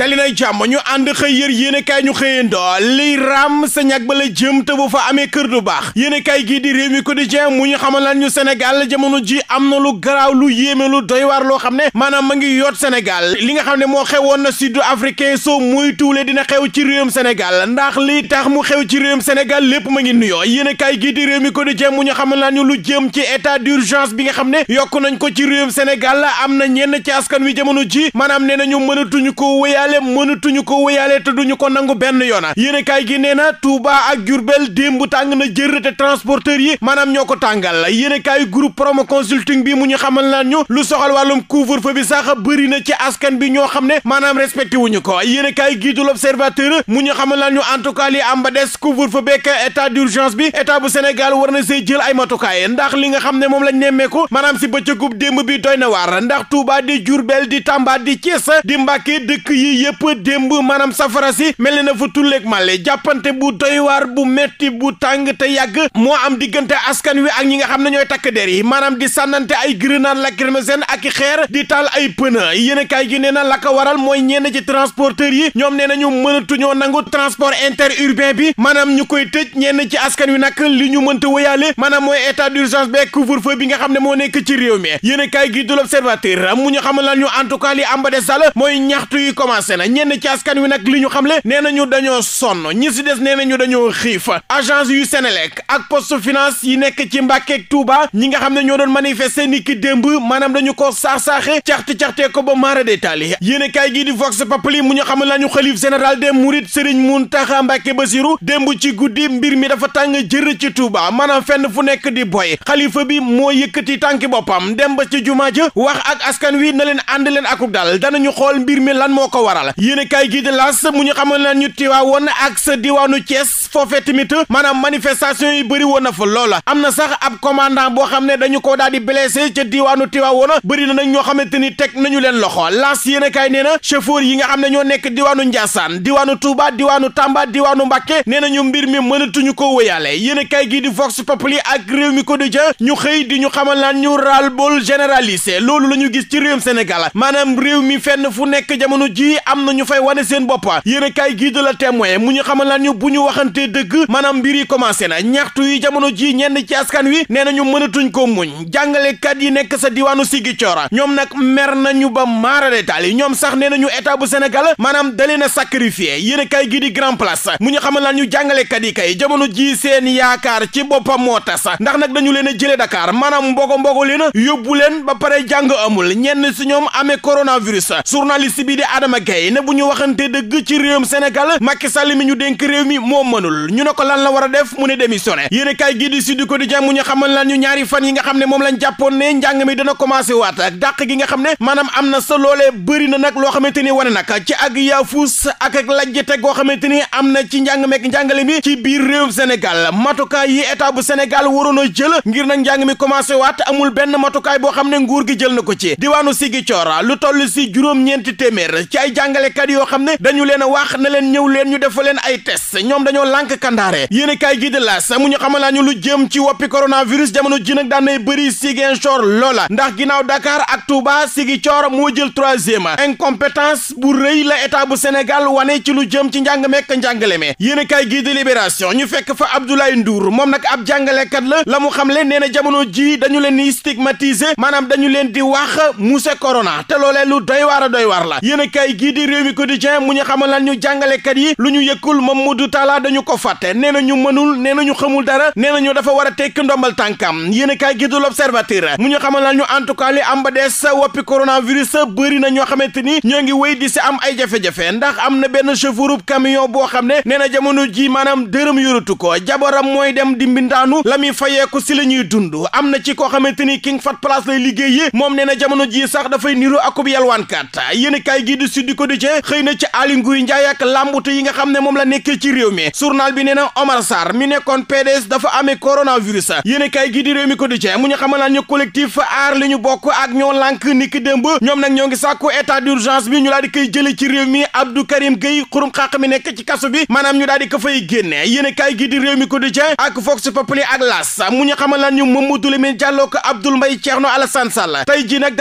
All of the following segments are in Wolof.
dali nay jàmm ñu ànd xëy yër yéene kaay xëyee xëyandoo lii raam sa ñag ba la jëm te bu fa amee kër du baax yéene kaay gii di réew mi quotidien mu ñu xamalaan ñu Sénégal jamono ji am na lu garaaw lu yéeme lu doy waar loo xam ne maanaam ma ngi yoot Sénégal li nga xam ne moo xewoon na sud africain soo muy tuule dina xew ci réewum Sénégal ndax li tax mu xew ci réewum Sénégal lépp ma ngi nuyoo yéene kaay gii di réew mi quotidien mu ñu xamalaan ñu lu jëm ci état d'urgence bi nga xam ne yokk nañ ko ci réewum Sénégal am na ñenn ci askan wi jamono ji maanaam nee nañu mënatuñu ko wéyal wéyaale mënatuñu ko wéyaale te duñu ko nangu benn yoona yéenekaay gi nee na Touba ak Diourbel démb tàng na jër te transporteurs yi maanaam ñoo ko tàngal yéenekaay groupe promo consulting bi mu ñu xamal naan ñu lu soxal wàllum couvre-feu bi sax bëri na ci askan bi ñoo xam ne maanaam wu ñu ko yéenekaay gi du l'Observateur mu ñu xamal naan ñu en tout cas li am ba des couvre-feu beeg état d'urgence bi état bu Sénégal war na see jël ay matukaay ndax li nga xam ne moom lañ nemmeeku maanaam si bëccëgub démb bi doy na waar ndax Touba di di Tamba di Thiès di Mbacké dëkk yi yëpp démb maanaam safara si mel na fa tulleeg màlle jàppante bu doywaar bu metti bu tàng te yàgg moo am diggante askan wi ak ñi nga xam ne ñooy takk der yi maanaam di sànnante ay grenade lacrymogène ak i xeer di taal ay pneu yéenekaay gi nee na la ko waral mooy ñenn ci transporteurs yi ñoom nee na ñu mënatuñoo nangu transport interurbain bi maanaam ñu koy tëj ñenn ci askan wi nag li ñu mënta wëyaale maanaam mooy état d'urgence be couvre-feu bi nga xam ne moo nekk ci réew mi yéenekaay gi du l'Observateur mu ñu xamal la en tout cas li ambade sall mooy ñaxtu yu commencé commencé na ñenn ci askan wi nag li ñu xam le nee nañu dañoo sonn ñi si des nee nañu dañoo xiif agence yu Sénélec ak poste finance yi nekk ci Mbàkke Touba ñi nga xam ne ñoo doon manifester ni ki démb maanaam dañu ko saax-saaxe caxti-caxtee ko ba maara détaali yéen kaay gii di Vox Populi mu ñu xamal lañu xalif général des Mourides Serigne Mountakha ba Bassirou démb ci guddi mbir mi dafa tàng jër ci tuuba maanaam fenn fu nekk di boy xalifa bi moo yëkkati tànki boppam dem ba ci jumaa ja wax wi na leen ànd leen akub dal danañu waral yéen kaay gi de las mu ñu xamal na ñu tiwaawoon ak sa diwaanu Thiès foofee tamit maanaam manifestation yi bëri woon na fa loola am na sax ab commandant boo xam ne dañu koo daal di blessé ca diwaanu tiwaawoon bëri na nag ñoo xamante ni teg nañu leen loxo las yéen kaay nee na chauffeur yi nga xam ne ñoo nekk diwaanu Ndiassane diwaanu Touba diwaanu Tamba diwaanu Mbacké nee nañu mbir mi mënatuñu ko wéyaale yéen kaay gi di Vox Populi ak réew mi quotidien ñu xëy di ñu xamal naan ñu ras-le-bol généralisé loolu la ñu gis ci réewum Sénégal maanaam réew mi fenn fu nekk jamono ji am na ñu fay wane seen bopp yéen a kaay gii de la témoin mu ñu xamal laan ñu bu ñu waxantee dëgg maanaam mbir yi commencé na ñaxtu yi jamono ji ñenn ci askan wi nee nañu mënatuñ ko muñ jàngalekat yi nekk sa diwaanu Ziguinchor ñoom nag mer ñu ba maarale taal yi ñoom sax nee nañu état bu Sénégal maanaam dele na sacrifié yéen a kaay gii di grand place mu ñu xamal laan ñu jàngalekat yi kay jamono ji seen yaakaar ci boppam moo tas ndax nag dañu leen a jëlee Dakar maanaam mbogo mbogo leen yóbbu leen ba pare jàng amul ñenn si ñoom amee coronavirus journaliste bi di kay ne bu ñu waxante dëgg ci réewum Sénégal Macky Sall mi ñu dénk réew mi moo mënul ñu ne ko lan la war a def mu ne démissionné yéen kaay gii di Sud Quotidien mu ñu xamal lan ñu yi nga xam ne moom lañ jàppoon ne njàng mi dana commencé waat ak dàq gi nga xam ne maanaam am na sa loolee bëri na nag loo xamante ni wane nag ci ak yaafuus ak ak lajjate goo xamante ni am na ci njàng meek njàngale ci biir réewum Sénégal matukaay yi état bu Sénégal waroon a jël ngir nag njàng mi commencé waat amul benn matukaay boo xam ne nguur gi jël na ko ci diwaanu Ziguinchor lu toll si juróom-ñeenti téeméer ci ay jàngalekat yoo xam ne dañu leen a wax na leen ñëw leen ñu def leen ay test ñoom dañoo lànk kandaare yéen a kaay gi de laas mu ñu xamal naa ñu lu jëm ci woppi coronavirus jamono ji nag daan nay bëri Ziguinchor loola ndax ginnaaw Dakar ak Touba Ziguinchor moo jël troisième incompétence bu rëy la état bu Sénégal wane ci lu jëm ci njàng mekk njàngale me yéen a kaay gi de ñu fekk fa Abdoulaye Ndour moom nag ab jàngalekat la la mu xamle nee na jamono ji dañu leen di stigmatiser maanaam dañu leen di wax muse corona te loolee lu doy waar doy waar la lii di réew mi quotidien mu ñu xamal lan ñu jàngalekat yi lu ñu yëkkul Mamadou Talla dañu ko fàtte nee na ñu mënul nee na ñu xamul dara nee na ñu dafa war a tekki ndombal tànkam yéen a gi du l'observateur mu ñu xamal lan ñu en tout cas li am ba des woppi coronavirus bëri na ñoo xamante ni ñoo ngi wéy di si am ay jafe-jafe ndax am na benn chauffeurub camion boo xam ne nee na jamono jii maanaam dërëm yoratu ko jabaram mooy dem di mbindaanu la muy fayeeku si la ñuy dund am na ci koo xamante ni king fat place lay liggéey moom nee na jamono ji sax dafay niru a kaay gi Quotidien xëy na ci Aly Ngouille Ndiaye ak yi nga xam ne moom la nekkee ci réew mi journal bi nee Omar Sarr mi nekkoon PDS dafa amee coronavirus yéen a kaay gi di réew mi Quotidien mu ñu xamal naa ñu aar li ñu bokk ak ñoo lànk niki démb ñoom nag ñoo ngi sàkku bi ñu daal di koy jële ci réew mi Abdou Karim Gueye xurum xàq mi nekk ci kaso bi maanaam ñu daal di ko fay génne yéen a kaay gi di réew mi Quotidien ak Vox ak L'As mu ñu ak Abdoul Mbaye Thierno Alassane Sall tey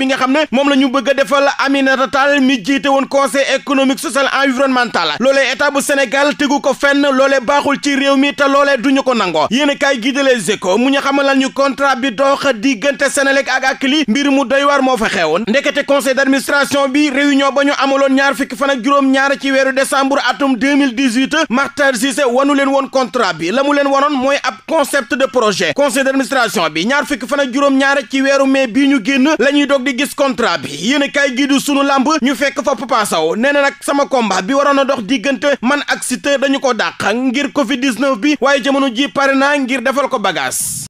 bi nga xam ne moom la ñu bëgg a defal Aminata Tall mi jiite woon conseil économique social environnemental loolee état bu Sénégal tegu ko fenn loolee baaxul ci réew mi te loolee duñu ko nangoo yéen a kaay gi de Les Échos mu ñu xamal ñu contrat bi dox diggante Sénélec ak Akilee mbir mu doy waar moo fa xewoon ndekete conseil d'administration bi réunion ba ñu amaloon ñaar fukki fan ak juróom ñaar ci weeru décembre atum 2018 Makhtar Cissé wanu leen woon contrat bi la mu leen wanoon mooy ab concept de projet conseil d'administration bi ñaar fukki fan ak juróom ñaar ci weeru mai bii ñu génn la ñuy di gis contrat bi yéen a kaay du sunu làmb ñu fekk fa Papa Sow nee na nag sama combat bi waroon a dox diggante man ak Siteu dañu ko dàq ngir Covid bi waaye jamono ji pare naa ngir defal ko bagaas